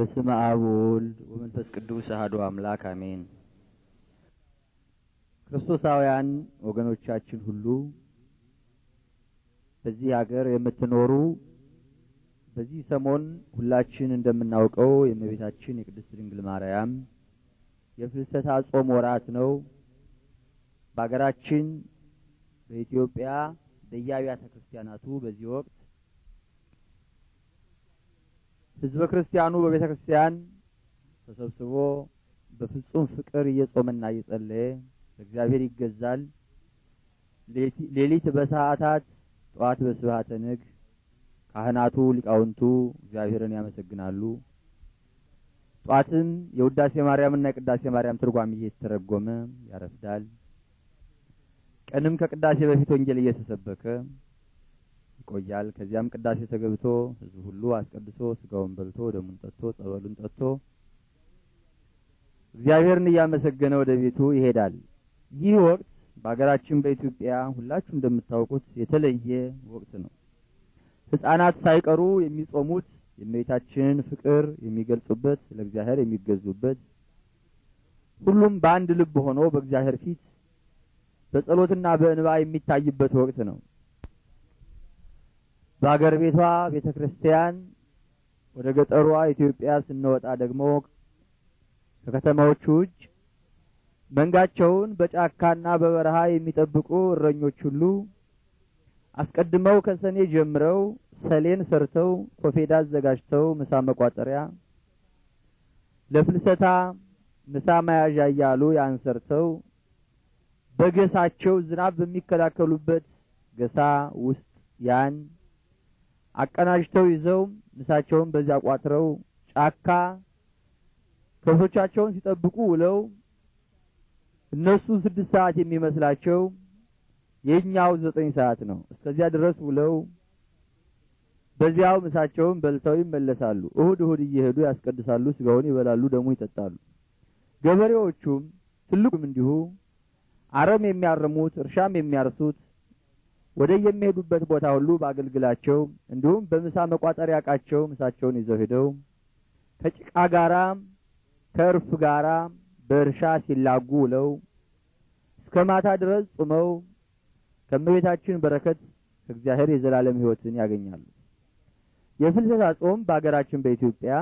በስመ አብ ወወልድ ወመንፈስ ቅዱስ አሐዱ አምላክ አሜን። ክርስቶሳውያን ወገኖቻችን ሁሉ በዚህ ሀገር የምትኖሩ በዚህ ሰሞን ሁላችን እንደምናውቀው የእመቤታችን የቅድስት ድንግል ማርያም የፍልሰታ ጾም ወራት ነው። በሀገራችን በኢትዮጵያ በየአብያተ ክርስቲያናቱ በዚህ ወቅት ህዝበ ክርስቲያኑ በቤተ ክርስቲያን ተሰብስቦ በፍጹም ፍቅር እየጾመና እየጸለየ እግዚአብሔር ይገዛል። ሌሊት በሰዓታት ጠዋት በስብሐተ ንግ ካህናቱ ሊቃውንቱ እግዚአብሔርን ያመሰግናሉ። ጠዋትም የውዳሴ ማርያምና የቅዳሴ ማርያም ትርጓም እየተተረጎመ ያረፍዳል። ቀንም ከቅዳሴ በፊት ወንጌል እየተሰበከ ይቆያል። ከዚያም ቅዳሴ ተገብቶ ህዝቡ ሁሉ አስቀድሶ ስጋውን በልቶ ደሙን ጠጥቶ ጸበሉን ጠጥቶ እግዚአብሔርን እያመሰገነ ወደ ቤቱ ይሄዳል። ይህ ወቅት በሀገራችን በኢትዮጵያ ሁላችሁ እንደምታውቁት የተለየ ወቅት ነው። ህጻናት ሳይቀሩ የሚጾሙት የእመቤታችንን ፍቅር የሚገልጹበት፣ ለእግዚአብሔር የሚገዙበት ሁሉም በአንድ ልብ ሆኖ በእግዚአብሔር ፊት በጸሎትና በእንባ የሚታይበት ወቅት ነው። በአገር ቤቷ ቤተ ክርስቲያን ወደ ገጠሯ ኢትዮጵያ ስንወጣ ደግሞ ከከተማዎቹ ውጭ መንጋቸውን በጫካና በበረሃ የሚጠብቁ እረኞች ሁሉ አስቀድመው ከሰኔ ጀምረው ሰሌን ሰርተው ኮፌዳ አዘጋጅተው ምሳ መቋጠሪያ ለፍልሰታ ምሳ መያዣ እያሉ ያንሰርተው በገሳቸው ዝናብ በሚከላከሉበት ገሳ ውስጥ ያን አቀናጅተው ይዘው ምሳቸውን በዚያ ቋጥረው ጫካ ከብቶቻቸውን ሲጠብቁ ውለው እነሱ ስድስት ሰዓት የሚመስላቸው የእኛው ዘጠኝ ሰዓት ነው። እስከዚያ ድረስ ውለው በዚያው ምሳቸውን በልተው ይመለሳሉ። እሁድ እሁድ እየሄዱ ያስቀድሳሉ፣ ስጋውን ይበላሉ፣ ደሙ ይጠጣሉ። ገበሬዎቹም ትልቁም እንዲሁ አረም የሚያርሙት እርሻም የሚያርሱት ወደ የሚሄዱበት ቦታ ሁሉ በአገልግላቸው እንዲሁም በምሳ መቋጠሪያ ያቃቸው ምሳቸውን ይዘው ሄደው ከጭቃ ጋራ ከእርፍ ጋራ በእርሻ ሲላጉ ውለው እስከ ማታ ድረስ ጾመው ከእመቤታችን በረከት ከእግዚአብሔር የዘላለም ሕይወትን ያገኛሉ። የፍልሰታ ጾም በአገራችን በኢትዮጵያ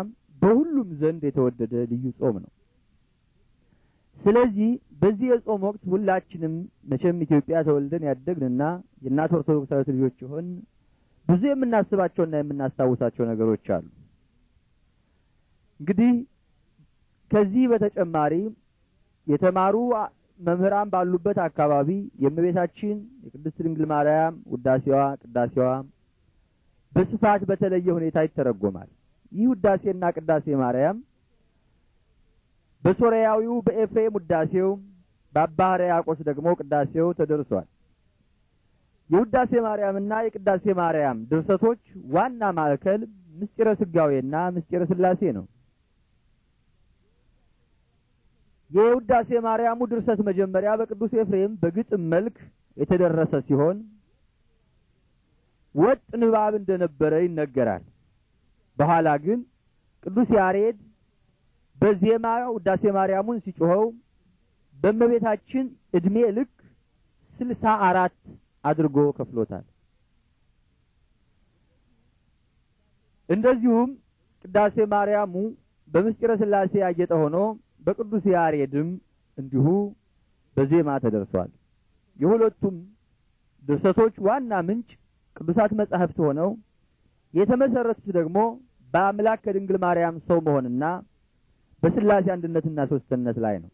በሁሉም ዘንድ የተወደደ ልዩ ጾም ነው። ስለዚህ በዚህ የጾም ወቅት ሁላችንም መቼም ኢትዮጵያ ተወልደን ያደግንና የእናት ኦርቶዶክሳዊት ልጆች ይሆን ብዙ የምናስባቸውና የምናስታውሳቸው ነገሮች አሉ። እንግዲህ ከዚህ በተጨማሪ የተማሩ መምህራን ባሉበት አካባቢ የእመቤታችን የቅድስት ድንግል ማርያም ውዳሴዋ፣ ቅዳሴዋ በስፋት በተለየ ሁኔታ ይተረጎማል። ይህ ውዳሴና ቅዳሴ ማርያም በሶርያዊው በኤፍሬም ውዳሴው በአባ ሕርያቆስ ደግሞ ቅዳሴው ተደርሷል። የውዳሴ ማርያምና የቅዳሴ ማርያም ድርሰቶች ዋና ማዕከል ምስጢረ ስጋዌና ምስጢረ ስላሴ ነው። የውዳሴ ማርያሙ ድርሰት መጀመሪያ በቅዱስ ኤፍሬም በግጥም መልክ የተደረሰ ሲሆን ወጥ ንባብ እንደነበረ ይነገራል። በኋላ ግን ቅዱስ ያሬድ በዜማው ውዳሴ ማርያሙን ሲጮኸው በእመቤታችን እድሜ ልክ ስልሳ አራት አድርጎ ከፍሎታል። እንደዚሁም ቅዳሴ ማርያሙ በምስጢረ ስላሴ ያጌጠ ሆኖ በቅዱስ ያሬድም እንዲሁ በዜማ ተደርሷል። የሁለቱም ድርሰቶች ዋና ምንጭ ቅዱሳት መጻሕፍት ሆነው የተመሰረቱት ደግሞ በአምላክ ከድንግል ማርያም ሰው መሆንና በስላሴ አንድነትና ሶስትነት ላይ ነው።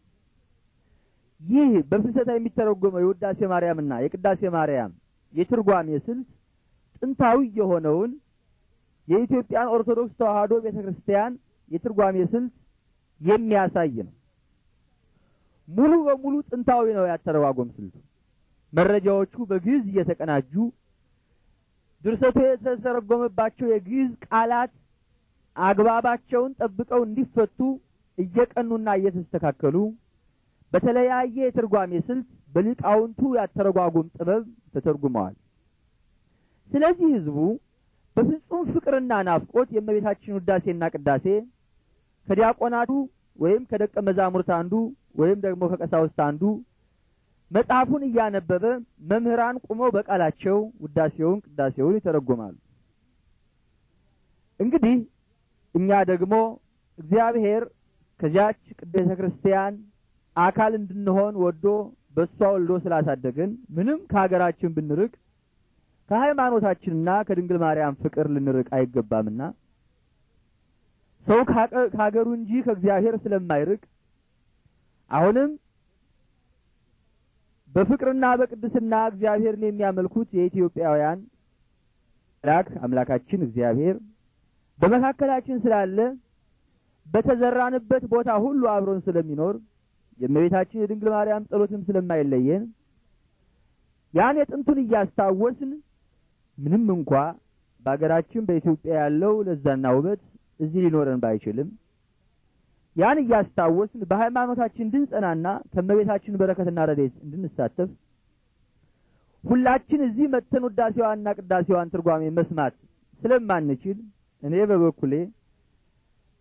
ይህ በፍልሰታ የሚተረጎመው የውዳሴ ማርያምና የቅዳሴ ማርያም የትርጓሜ ስልት ጥንታዊ የሆነውን የኢትዮጵያን ኦርቶዶክስ ተዋህዶ ቤተ ክርስቲያን የትርጓሜ ስልት የሚያሳይ ነው። ሙሉ በሙሉ ጥንታዊ ነው ያተረጓጎም ስልቱ። መረጃዎቹ በግዕዝ እየተቀናጁ ድርሰቱ የተተረጎመባቸው የግዕዝ ቃላት አግባባቸውን ጠብቀው እንዲፈቱ እየቀኑና እየተስተካከሉ በተለያየ የትርጓሜ ስልት በሊቃውንቱ ያተረጓጉም ጥበብ ተተርጉመዋል። ስለዚህ ህዝቡ በፍጹም ፍቅርና ናፍቆት የእመቤታችን ውዳሴና ቅዳሴ ከዲያቆናቱ ወይም ከደቀ መዛሙርት አንዱ ወይም ደግሞ ከቀሳውስት አንዱ መጽሐፉን እያነበበ መምህራን ቁመው በቃላቸው ውዳሴውን ቅዳሴውን ይተረጉማሉ። እንግዲህ እኛ ደግሞ እግዚአብሔር ከዚያች ቤተ ክርስቲያን አካል እንድንሆን ወዶ በእሷ ወልዶ ስላሳደገን ምንም ከሀገራችን ብንርቅ ከሃይማኖታችንና ከድንግል ማርያም ፍቅር ልንርቅ አይገባምና ሰው ከሀገሩ እንጂ ከእግዚአብሔር ስለማይርቅ አሁንም በፍቅርና በቅድስና እግዚአብሔርን የሚያመልኩት የኢትዮጵያውያን አምላክ አምላካችን እግዚአብሔር በመካከላችን ስላለ በተዘራንበት ቦታ ሁሉ አብሮን ስለሚኖር የእመቤታችን የድንግል ማርያም ጸሎትም ስለማይለየን ያን የጥንቱን እያስታወስን ምንም እንኳ በሀገራችን በኢትዮጵያ ያለው ለዛና ውበት እዚህ ሊኖረን ባይችልም ያን እያስታወስን በሃይማኖታችን እንድንጸናና ከእመቤታችን በረከትና ረዴት እንድንሳተፍ ሁላችን እዚህ መተን ውዳሴዋንና ቅዳሴዋን ትርጓሜ መስማት ስለማንችል እኔ በበኩሌ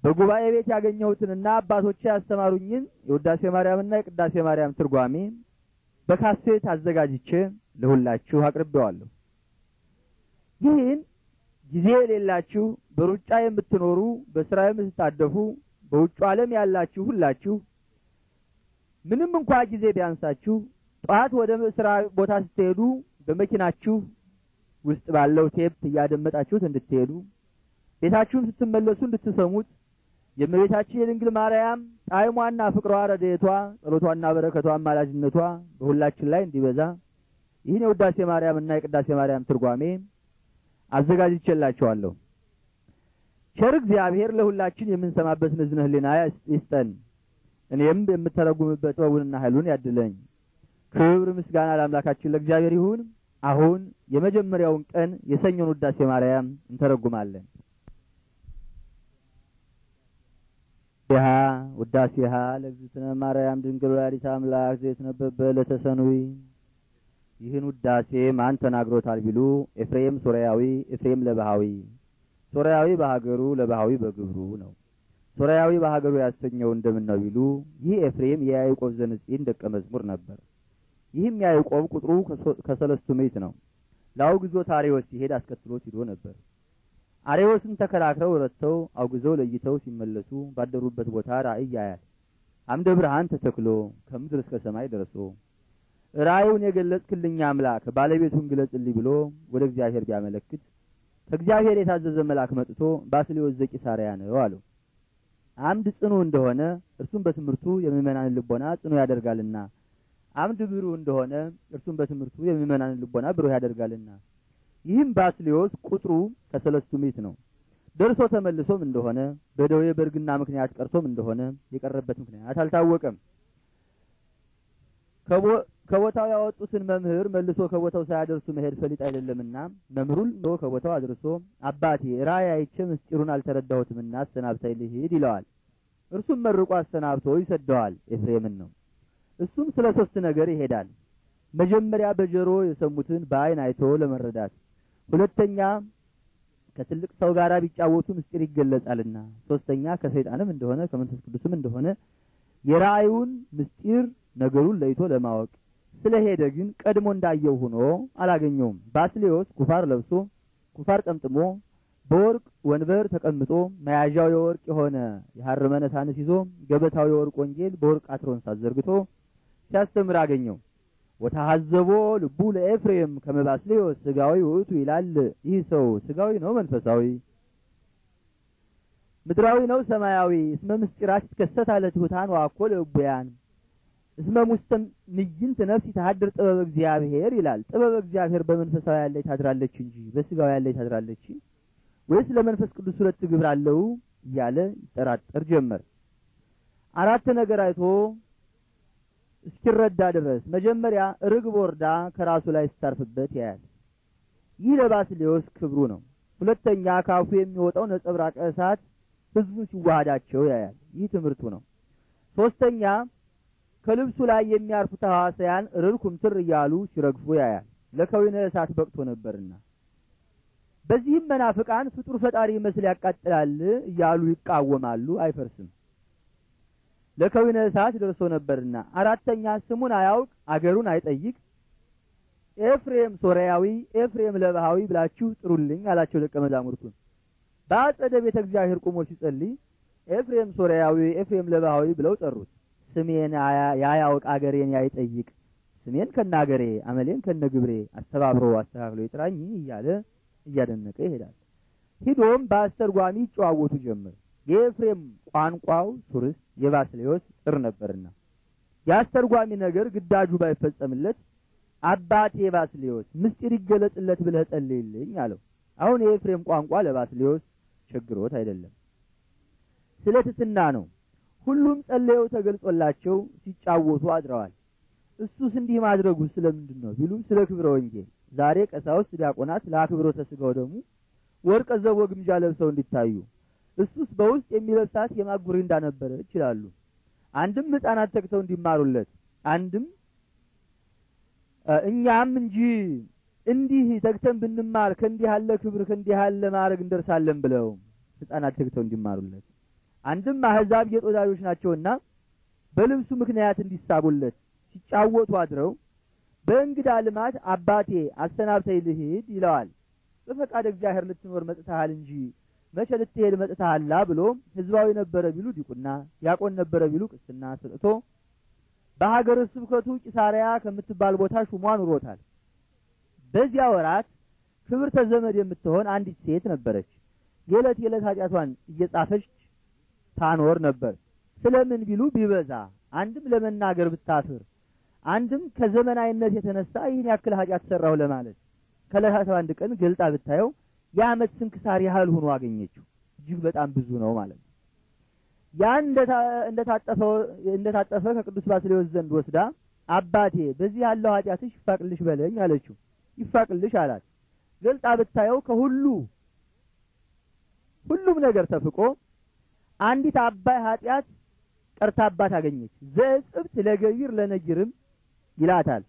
በጉባኤ ቤት ያገኘሁትንና አባቶቼ ያስተማሩኝን የውዳሴ ማርያምና የቅዳሴ ማርያም ትርጓሜ በካሴት አዘጋጅቼ ለሁላችሁ አቅርቤዋለሁ። ይህን ጊዜ የሌላችሁ በሩጫ የምትኖሩ በስራ የምትታደፉ በውጩ ዓለም ያላችሁ ሁላችሁ ምንም እንኳ ጊዜ ቢያንሳችሁ ጠዋት ወደ ስራ ቦታ ስትሄዱ በመኪናችሁ ውስጥ ባለው ቴፕ እያደመጣችሁት እንድትሄዱ ቤታችሁም ስትመለሱ እንድትሰሙት የእመቤታችን የድንግል ማርያም ጣዕሟና ፍቅሯ፣ ረድኤቷ፣ ጸሎቷና በረከቷ፣ አማላጅነቷ በሁላችን ላይ እንዲበዛ ይህን የውዳሴ ማርያምና የቅዳሴ ማርያም ትርጓሜ አዘጋጅቼላችኋለሁ። ቸር እግዚአብሔር ለሁላችን የምንሰማበት ንዝነ ህሊና ይስጠን። እኔም የምተረጉምበት ጥበቡንና ኃይሉን ያድለኝ። ክብር ምስጋና ለአምላካችን ለእግዚአብሔር ይሁን። አሁን የመጀመሪያውን ቀን የሰኞን ውዳሴ ማርያም እንተረጉማለን። ዜሃ ውዳሴሃ ለእግዝእትነ ማርያም ድንግል ወላዲተ አምላክ ዘይትነበበ ለተሰኑይ ይህን ውዳሴ ማን ተናግሮታል ቢሉ ኤፍሬም ሶርያዊ፣ ኤፍሬም ለባሃዊ። ሶርያዊ በሀገሩ ለባሃዊ በግብሩ ነው። ሶርያዊ በሀገሩ ያሰኘው እንደምን ነው ቢሉ ይህ ኤፍሬም የያዕቆብ ዘንጽኢን ደቀ መዝሙር ነበር። ይህም ያዕቆብ ቁጥሩ ከሰለስቱ ምዕት ነው። ለአውግዞ ታሪዎስ ሲሄድ አስከትሎት ሂዶ ነበር። አሬዎስን ተከራክረው ረድተው አውግዘው ለይተው ሲመለሱ ባደሩበት ቦታ ራእይ ያያል። አምደ ብርሃን ተተክሎ ከምድር እስከ ሰማይ ደርሶ ራእዩን የገለጽክልኝ አምላክ ባለቤቱን ግለጽልኝ ብሎ ወደ እግዚአብሔር ቢያመለክት ከእግዚአብሔር የታዘዘ መልአክ መጥቶ ባስልዮስ ዘቂሳርያ ነው አለው። አምድ ጽኑ እንደሆነ እርሱም በትምህርቱ የምዕመናንን ልቦና ጽኑ ያደርጋልና፣ አምድ ብሩህ እንደሆነ እርሱም በትምህርቱ የምዕመናንን ልቦና ብሩህ ያደርጋልና ይህም ባስሊዮስ ቁጥሩ ከሰለስቱ ምዕት ነው። ደርሶ ተመልሶም እንደሆነ በደዌ በርግና ምክንያት ቀርቶም እንደሆነ የቀረበት ምክንያት አልታወቀም። ከቦታው ያወጡትን መምህር መልሶ ከቦታው ሳያደርሱ መሄድ ፈሊጥ አይደለምና መምህሩን ከቦታው አድርሶ አባቴ ራእይ አይቼ ምስጢሩን አልተረዳሁትምና አሰናብታይ ልሂድ ይለዋል። እርሱም መርቆ አሰናብቶ ይሰደዋል። ኤፍሬምን ነው። እሱም ስለ ሶስት ነገር ይሄዳል። መጀመሪያ በጆሮ የሰሙትን በአይን አይቶ ለመረዳት ሁለተኛ ከትልቅ ሰው ጋር ቢጫወቱ ምስጢር ይገለጻልና፣ ሶስተኛ ከሰይጣንም እንደሆነ ከመንፈስ ቅዱስም እንደሆነ የራእዩን ምስጢር ነገሩን ለይቶ ለማወቅ ስለሄደ ግን ቀድሞ እንዳየው ሆኖ አላገኘውም። ባስሌዎስ ኩፋር ለብሶ ኩፋር ጠምጥሞ በወርቅ ወንበር ተቀምጦ መያዣው የወርቅ የሆነ የሐር ይዞ ገበታው የወርቅ ወንጌል በወርቅ አትሮንሳት ዘርግቶ ሲያስተምር አገኘው። ወታሐዘቦ ልቡ ለኤፍሬም ከመባስሌዮ ስጋዊ ውእቱ ይላል። ይህ ሰው ስጋዊ ነው መንፈሳዊ? ምድራዊ ነው ሰማያዊ? እስመ ምስጢራት ይትከሰት አለ ትሑታን ወአኮ ለእቡያን እስመ ሙስተ ምይንት ነፍስ ይተሃድር ጥበብ እግዚአብሔር ይላል። ጥበብ እግዚአብሔር በመንፈሳዊ ያለ ታድራለች እንጂ በስጋዊ ያለ ታድራለች ወይስ ለመንፈስ ቅዱስ ሁለት ግብር አለው እያለ ይጠራጠር ጀመር። አራት ነገር አይቶ እስኪረዳ ድረስ መጀመሪያ ርግብ ወርዳ ከራሱ ላይ ስታርፍበት ያያል። ይህ ለባስሌዎስ ክብሩ ነው። ሁለተኛ ካፉ የሚወጣው ነጸብራቀ እሳት ሕዝቡን ሲዋሃዳቸው ያያል። ይህ ትምህርቱ ነው። ሶስተኛ ከልብሱ ላይ የሚያርፉት ሐዋሳያን ርርኩም ኩምትር እያሉ ሲረግፉ ያያል። ለከዊነ እሳት በቅቶ ነበርና በዚህም መናፍቃን ፍጡር ፈጣሪ መስል ያቃጥላል እያሉ ይቃወማሉ። አይፈርስም። ለከዊነ እሳት ደርሶ ነበርና፣ አራተኛ ስሙን አያውቅ አገሩን አይጠይቅ ኤፍሬም ሶርያዊ፣ ኤፍሬም ለባሃዊ ብላችሁ ጥሩልኝ አላቸው ደቀ መዛሙርቱን። በአጸደ ቤተ እግዚአብሔር ቁሞ ሲጸልይ ኤፍሬም ሶርያዊ፣ ኤፍሬም ለባሃዊ ብለው ጠሩት። ስሜን ያያውቅ አገሬን ያይጠይቅ ስሜን ከነ አገሬ አመሌን ከነ ግብሬ አስተባብሮ አስተካክሎ ይጥራኝ እያለ እያደነቀ ይሄዳል። ሂዶም በአስተርጓሚ ይጨዋወቱ ጀምር። የኤፍሬም ቋንቋው ሱርስ የባስሌዎስ ጽር ነበርና የአስተርጓሚ ነገር ግዳጁ ባይፈጸምለት አባቴ ባስሌዎስ ምስጢር ይገለጽለት ብለህ ጸልይልኝ አለው። አሁን የኤፍሬም ቋንቋ ለባስሌዎስ ችግሮት አይደለም፣ ስለ ትትና ነው። ሁሉም ጸለየው ተገልጾላቸው ሲጫወቱ አድረዋል። እሱስ እንዲህ ማድረጉ ስለምንድን ነው ቢሉም ስለ ክብረ ወንጌል ዛሬ ቀሳውስት ዲያቆናት ለአክብሮተ ሥጋው ደግሞ ወርቀ ዘቦ ግምጃ ለብሰው እንዲታዩ እሱስ በውስጥ የሚለብሳት የማጉሪንዳ ነበረ ይችላሉ። አንድም ህጻናት ተክተው እንዲማሩለት አንድም እኛም እንጂ እንዲህ ተግተን ብንማር ከእንዲህ ያለ ክብር ከእንዲህ ያለ ማዕረግ እንደርሳለን ብለው ህጻናት ተግተው እንዲማሩለት አንድም አህዛብ የጦዳሪዎች ናቸውና በልብሱ ምክንያት እንዲሳቡለት ሲጫወቱ አድረው በእንግዳ ልማት አባቴ አሰናብተኝ ልሂድ ይለዋል። በፈቃድ እግዚአብሔር ልትኖር መጥተሃል እንጂ መቼ ልትሄድ መጥተሃላ ብሎ ህዝባዊ ነበረ ቢሉ ዲቁና፣ ያቆን ነበረ ቢሉ ቅስና ሰጥቶ በሀገር ስብከቱ ቂሳሪያ ከምትባል ቦታ ሹሟ ኑሮታል። በዚያ ወራት ክብርተ ዘመድ የምትሆን አንዲት ሴት ነበረች። የዕለት የዕለት ኃጢአቷን እየጻፈች ታኖር ነበር። ስለምን ቢሉ ቢበዛ አንድም ለመናገር ብታፍር፣ አንድም ከዘመናዊነት የተነሳ ይህን ያክል ኃጢአት ሰራሁ ለማለት ከዕለታት አንድ ቀን ገልጣ ብታየው የአመት ስንክሳር ያህል ሆኖ አገኘችው። እጅግ በጣም ብዙ ነው ማለት ነው። ያ እንደታጠፈ ከቅዱስ ባስሌዎስ ዘንድ ወስዳ አባቴ በዚህ ያለው ኃጢአትሽ ይፋቅልሽ በለኝ አለችው። ይፋቅልሽ አላት። ገልጣ ብታየው ከሁሉ ሁሉም ነገር ተፍቆ አንዲት አባይ ኃጢአት ቀርታባት አገኘች። ዘጽብት ለገቢር ለነጅርም ይላታል።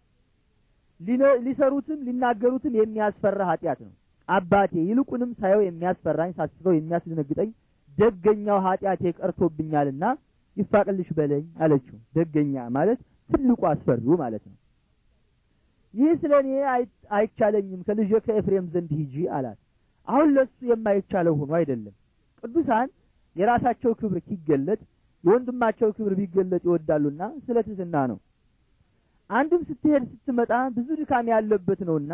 ሊሰሩትም ሊናገሩትም የሚያስፈራ ኃጢአት ነው። አባቴ ይልቁንም ሳየው የሚያስፈራኝ ሳስበው የሚያስደነግጠኝ ደገኛው ኃጢአቴ ቀርቶብኛልና ይፋቅልሽ በለኝ አለችው። ደገኛ ማለት ትልቁ አስፈሪው ማለት ነው። ይህ ስለ እኔ አይቻለኝም ከልጄ ከኤፍሬም ዘንድ ሂጂ አላት። አሁን ለሱ የማይቻለው ሆኖ አይደለም። ቅዱሳን የራሳቸው ክብር ሲገለጥ የወንድማቸው ክብር ቢገለጥ ይወዳሉና ስለ ትህትና ነው። አንድም ስትሄድ ስትመጣ ብዙ ድካም ያለበት ነውና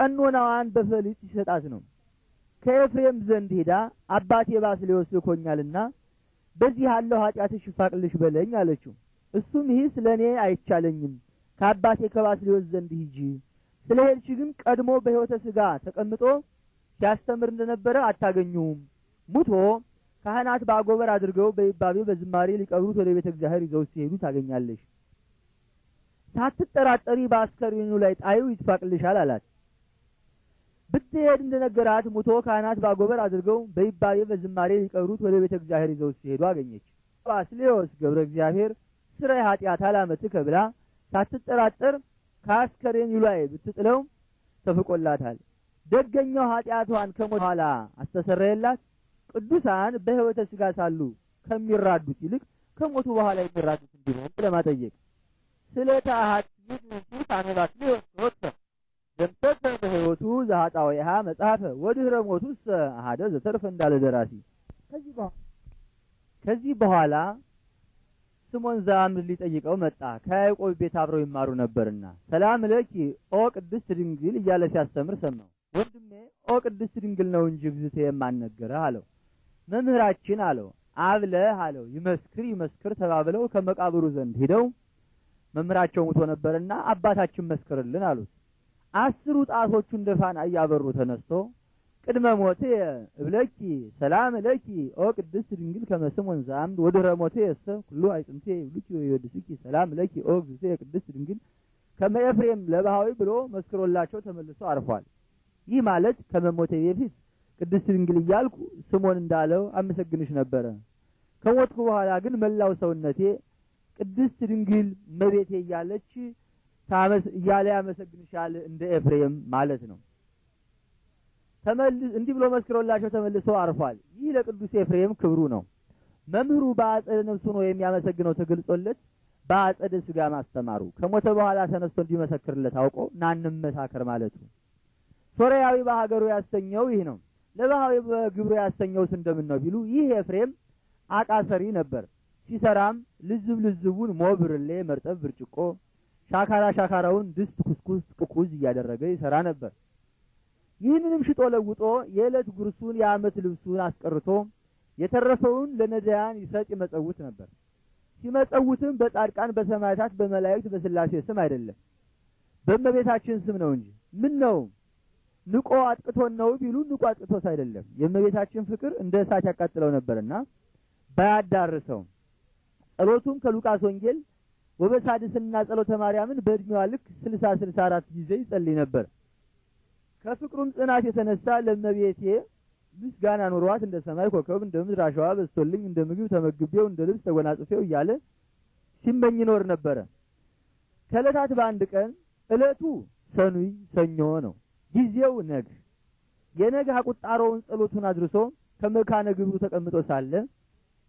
ቀኖናዋን በፈሊጥ ይሰጣት ነው። ከኤፍሬም ዘንድ ሄዳ አባቴ ባስልዮስ ልኮኛልና በዚህ ያለው ኃጢአትሽ ይፋቅልሽ በለኝ አለችው። እሱም ይህ ስለ እኔ አይቻለኝም፣ ከአባቴ ከባስልዮስ ዘንድ ሂጂ። ስለ ሄድሽ ግን ቀድሞ በሕይወተ ሥጋ ተቀምጦ ሲያስተምር እንደነበረ አታገኙም። ሙቶ ካህናት በአጎበር አድርገው በይባቤ በዝማሬ ሊቀብሩት ወደ ቤተ እግዚአብሔር ይዘው ሲሄዱ ታገኛለሽ። ሳትጠራጠሪ በአስከሬኑ ላይ ጣዩ ይትፋቅልሻል አላት። ብትሄድ እንደነገራት ሙቶ ካህናት ባጎበር አድርገው በይባቤ በዝማሬ ሊቀሩት ወደ ቤተ እግዚአብሔር ይዘው ሲሄዱ አገኘች። ባስሌዎስ ገብረ እግዚአብሔር ስራ ኃጢአት አላመት ከብላ ሳትጠራጠር ከአስከሬን ይሏይ ብትጥለው ተፍቆላታል። ደገኛው ኃጢአቷን ከሞት ኋላ አስተሰረየላት። ቅዱሳን በሕይወተ ሥጋ ሳሉ ከሚራዱት ይልቅ ከሞቱ በኋላ የሚራዱት እንዲሆን ለማጠየቅ ስለ ታሃት ይድንሱ ታነባት ሊወጥ በህይወቱ በሕይወቱ ሀ መጽሐፈ ወድህረ ሞቱሰ አሀደ ዘተርፈ እንዳለ ደራሲ። ከዚህ በኋላ ስሞን ዘአምድ ሊጠይቀው መጣ። ከያዕቆብ ቤት አብረው ይማሩ ነበርና ሰላም ለኪ ኦ ቅድስት ድንግል እያለ ሲያስተምር ሰማው። ወንድሜ ኦ ቅድስት ድንግል ነው እንጂ ብዝቴ የማንነገረህ አለው። መምህራችን አለው አብለህ አለው ይመስክር ይመስክር ተባብለው ከመቃብሩ ዘንድ ሂደው መምህራቸው ሙቶ ነበርና አባታችን መስክርልን አሉት። አስሩ ጣቶቹ እንደ ፋና እያበሩ ተነስቶ ቅድመ ሞቴ እብለኪ ሰላም ለኪ ኦ ቅድስት ድንግል ከመስም ወንዛምድ ወድህረ ሞቴ የሰ ሁሉ አይጥንቴ ይብሉኪ ወይወድስኪ ሰላም ለኪ ኦ ግዜ ቅድስት ድንግል ከመኤፍሬም ኤፍሬም ለባህዊ ብሎ መስክሮላቸው ተመልሶ አርፏል። ይህ ማለት ከመሞቴ በፊት ቅድስት ድንግል እያልኩ ስሞን እንዳለው አመሰግንሽ ነበረ። ከሞትኩ በኋላ ግን መላው ሰውነቴ ቅድስት ድንግል መቤቴ እያለች እያለ ያመሰግንሻል እንደ ኤፍሬም ማለት ነው። እንዲህ ብሎ መስክሮላቸው ተመልሶ አርፏል። ይህ ለቅዱስ ኤፍሬም ክብሩ ነው። መምህሩ በአጸደ ነፍሱ ነው የሚያመሰግነው ተገልጾለት በአጸደ ስጋ ማስተማሩ ከሞተ በኋላ ተነስቶ እንዲመሰክርለት አውቆ ናንመሳከር ማለቱ ሶርያዊ በሀገሩ ያሰኘው ይህ ነው። ለባህዊ በግብሩ ያሰኘውስ እንደምን ነው ቢሉ ይህ ኤፍሬም አቃሰሪ ነበር። ሲሰራም ልዝብ ልዝቡን ሞብርሌ መርጠብ ብርጭቆ ሻካራ ሻካራውን ድስት፣ ኩስኩስ፣ ጥቁዝ እያደረገ ይሰራ ነበር። ይህንንም ሽጦ ለውጦ የዕለት ጉርሱን የዓመት ልብሱን አስቀርቶ የተረፈውን ለነዳያን ይሰጥ ይመጸውት ነበር። ሲመጸውትም በጻድቃን በሰማዕታት በመላእክት በስላሴ ስም አይደለም በእመቤታችን ስም ነው እንጂ ምን ነው ንቆ አጥቅቶን ነው ቢሉ ንቆ አጥቅቶስ አይደለም። የእመቤታችን ፍቅር እንደ እሳት ያቃጥለው ነበርና ባያዳርሰውም ጸሎቱም ከሉቃስ ወንጌል ወበሳድስና ጸሎተ ማርያምን በእድሜዋ ልክ ስልሳ ስልሳ አራት ጊዜ ይጸልይ ነበር። ከፍቅሩም ጽናት የተነሳ ለመቤቴ ምስጋና ኑሯት እንደ ሰማይ ኮከብ እንደ ምድር አሸዋ በዝቶልኝ እንደ ምግብ ተመግቤው እንደ ልብስ ተጎናጽፌው እያለ ሲመኝ ይኖር ነበረ። ከእለታት በአንድ ቀን እለቱ ሰኑይ ሰኞ ነው። ጊዜው ነግ የነግ አቁጣሮውን ጸሎቱን አድርሶ ከመካነ ግብሩ ተቀምጦ ሳለ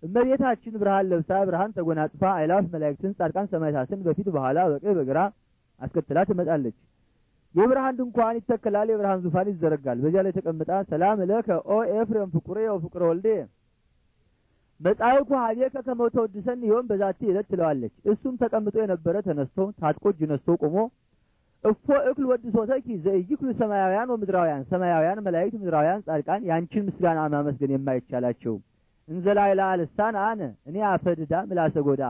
እመቤታችን ብርሃን ለብሳ ብርሃን ተጎናጽፋ አይላፍ መላእክትን፣ ጻድቃን ሰማይታትን በፊት በኋላ በቀኝ በግራ አስከትላ ትመጣለች። የብርሃን ድንኳን ይተከላል፣ የብርሃን ዙፋን ይዘረጋል። በዚያ ላይ ተቀምጣ ሰላም ለከ ኦ ኤፍሬም ፍቁሬ ወፍቁረ ወልዴ መጻይኩ ሀቤከ ከመ ተወድሰኒ ይሆን በዛቲ ዕለት ትለዋለች። እሱም ተቀምጦ የነበረ ተነስቶ ታጥቆ እጅ ነስቶ ቆሞ እፎ እክል ወድሶተኪ ዘእይክሉ ሰማያውያን ወምድራውያን ሰማያውያን መላእክት፣ ምድራውያን ጻድቃን ያንቺን ምስጋና ማመስገን የማይቻላቸው እንዘላይላ ልሳን አነ እኔ አፈድዳ ምላሰ ጎዳ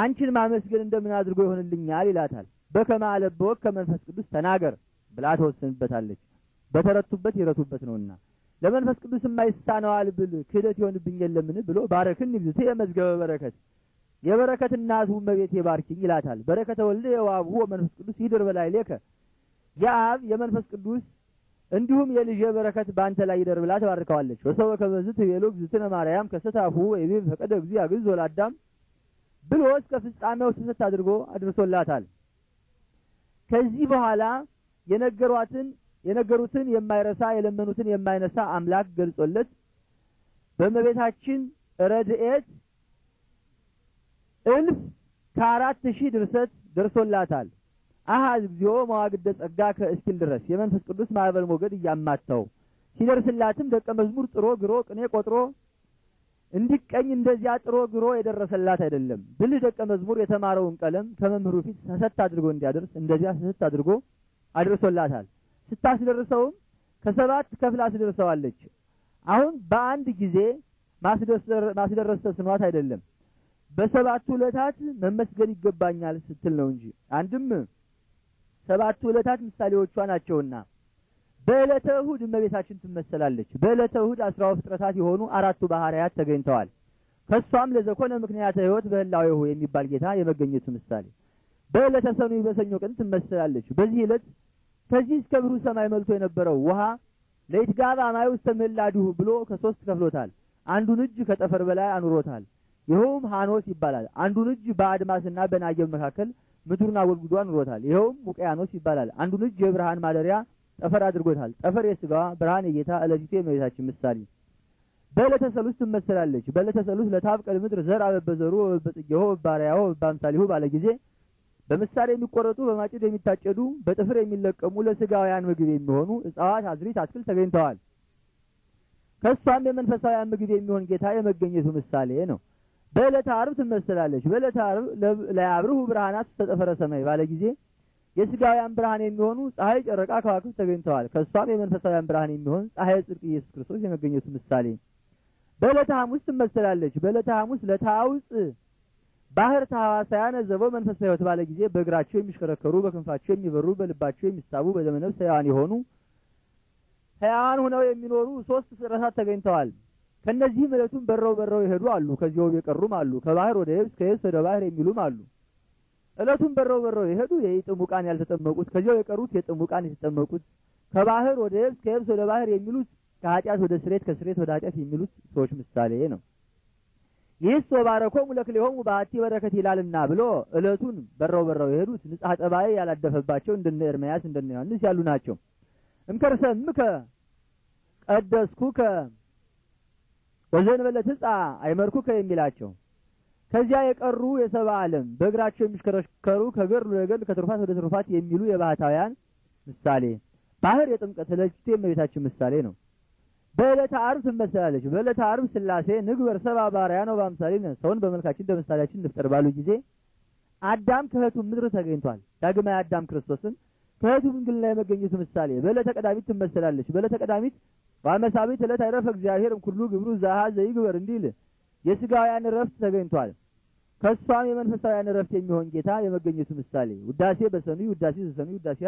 አንቺን ማመስገን እንደምን አድርጎ ይሆንልኛል ይላታል። በከመ አለብወ ከመንፈስ ቅዱስ ተናገር ብላ ተወስንበታለች። በተረቱበት ይረቱበት ነውና ለመንፈስ ቅዱስ የማይሳነዋል ብል ክህደት ይሆንብኝ የለምን ብሎ ባረክን ይብዝ የመዝገበ በረከት የበረከት እናቱ እመቤቴ የባርኪኝ ይላታል። በረከተ ወልደ የዋብሁ መንፈስ ቅዱስ ይድር በላይ ሌከ የአብ የመንፈስ ቅዱስ እንዲሁም የልጅ በረከት በአንተ ላይ ይደር ብላ ተባርከዋለች። ወሰወ ከመዝት የሎ ግዝእትነ ማርያም ከሰታፉ ወይቤ ፈቀደ እግዚእ አግዝ ወላዳም ብሎ እስከ ፍጻሜው ስህተት አድርጎ አድርሶላታል። ከዚህ በኋላ የነገሯትን የነገሩትን የማይረሳ የለመኑትን የማይነሳ አምላክ ገልጾለት በመቤታችን ረድኤት እልፍ ከአራት ሺህ ድርሰት ደርሶላታል። አሃዝ እግዚኦ መዋግደ ጸጋ ከእስኪል ድረስ የመንፈስ ቅዱስ ማዕበል ሞገድ እያማታው ሲደርስላትም ደቀ መዝሙር ጥሮ ግሮ ቅኔ ቆጥሮ እንዲቀኝ እንደዚያ ጥሮ ግሮ የደረሰላት አይደለም። ብልህ ደቀ መዝሙር የተማረውን ቀለም ከመምህሩ ፊት ሰሰት አድርጎ እንዲያደርስ እንደዚያ ሰሰት አድርጎ አድርሶላታል። ስታስደርሰውም ከሰባት ከፍላ አስደርሰዋለች። አሁን በአንድ ጊዜ ማስደረስ ተስኗት አይደለም፣ በሰባቱ ዕለታት መመስገን ይገባኛል ስትል ነው እንጂ አንድም ሰባቱ ዕለታት ምሳሌዎቿ ናቸውና በዕለተ እሁድ እመቤታችን ትመሰላለች። በዕለተ እሁድ አስራው ፍጥረታት የሆኑ አራቱ ባህርያት ተገኝተዋል። ከእሷም ለዘኮነ ምክንያተ ህይወት በህላዊ በህላዌሁ የሚባል ጌታ የመገኘቱ ምሳሌ በዕለተ ሰኑ በሰኞ ቀን ትመሰላለች። በዚህ ዕለት ከዚህ እስከ ብሩህ ሰማይ መልቶ የነበረው ውሃ ለይትጋባ ማይ ውስተ ምህላዲሁ ብሎ ከሶስት ከፍሎታል። አንዱን እጅ ከጠፈር በላይ አኑሮታል። ይኸውም ሃኖስ ይባላል። አንዱን እጅ በአድማስና በናየብ መካከል ምድሩን አወልግዶ አኑሮታል። ይኸውም ውቅያኖስ ይባላል። አንዱ ልጅ የብርሃን ማደሪያ ጠፈር አድርጎታል። ጠፈር የስጋዋ ብርሃን የጌታ ዕለቲቱ የእመቤታችን ምሳሌ በዕለተ ሰሉስ ትመሰላለች። በዕለተ ሰሉስ ለታብቀል ምድር ዘር አበበዘሩ በጽጌሆ ባሪያሆ በአምሳሊሁ ባለ ጊዜ በምሳሌ የሚቆረጡ በማጭድ የሚታጨዱ በጥፍር የሚለቀሙ ለስጋውያን ምግብ የሚሆኑ እጽዋት፣ አዝሪት፣ አትክልት ተገኝተዋል። ከእሷም የመንፈሳውያን ምግብ የሚሆን ጌታ የመገኘቱ ምሳሌ ነው። በዕለተ አርብ ትመስላለች። በዕለተ አርብ ለያብርሁ ብርሃናት ተጠፈረ ሰማይ ባለ ጊዜ የስጋውያን ብርሃን የሚሆኑ ፀሐይ፣ ጨረቃ፣ ከዋክብት ተገኝተዋል። ከእሷም የመንፈሳውያን ብርሃን የሚሆን ፀሐይ ጽድቅ ኢየሱስ ክርስቶስ የመገኘቱ ምሳሌ በዕለተ ሐሙስ ትመስላለች። በዕለተ ሐሙስ ለታውፅ ባህር ታዋሳያነ ዘቦ መንፈሳዊ ሕይወት ባለ ጊዜ በእግራቸው የሚሽከረከሩ በክንፋቸው የሚበሩ በልባቸው የሚሳቡ በደመ ነፍስ ሕያዋን የሆኑ ሕያዋን ሁነው የሚኖሩ ሶስት ፍጥረታት ተገኝተዋል። ከነዚህም እለቱን በረው በረው የሄዱ አሉ፣ ከዚህ የቀሩም አሉ፣ ከባህር ወደ የብስ ከየብስ ወደ ባህር የሚሉም አሉ። እለቱን በረው በረው የሄዱ የጥሙቃን ያልተጠመቁት፣ ከዚያው የቀሩት የጥሙቃን የተጠመቁት፣ ከባህር ወደ የብስ ከየብስ ወደ ባህር የሚሉት፣ ከኃጢአት ወደ ስሬት ከስሬት ወደ ኃጢአት የሚሉት ሰዎች ምሳሌ ነው። ይህስ ወባረኮሙ ለክልኤሆሙ በአቲ በረከት ይላልና ብሎ እለቱን በረው በረው የሄዱት ንጽሐ ጠባይ ያላደፈባቸው እንደነ ኤርምያስ እንደነ ዮሐንስ ያሉ ናቸው። እምከርሰ ቀደስኩከ ወዘንበለ ትጻ አይመርኩከ የሚላቸው ከዚያ የቀሩ የሰባ ዓለም በእግራቸው የሚሽከረከሩ ከገድሉ ለገድል ከትሩፋት ወደ ትሩፋት የሚሉ የባህታውያን ምሳሌ ባህር የጥምቀት ለጅት የመቤታችን ምሳሌ ነው። በዕለተ አርብ ትመስላለች። በዕለተ አርብ ስላሴ ንግበር ሰባ ባሪያ ነው በአምሳሌ ሰውን በመልካችን በምሳሌያችን እንፍጠር ባሉ ጊዜ አዳም ከእህቱ ምድር ተገኝቷል። ዳግማዊ አዳም ክርስቶስን ከእህቱ ድንግልና የመገኘቱ ምሳሌ በዕለተ ቀዳሚት ትመስላለች። በዕለተ ቀዳሚት በአመሳቢት ዕለት አይረፈ እግዚአብሔር ኩሉ ግብሩ ዛሃ ዘይግበር እንዲል የሥጋውያን ረፍት ተገኝቷል። ከእሷም የመንፈሳውያን ረፍት የሚሆን ጌታ የመገኘቱ ምሳሌ ውዳሴ በሰኑይ ውዳሴ ዘሰኑይ ውዳሴ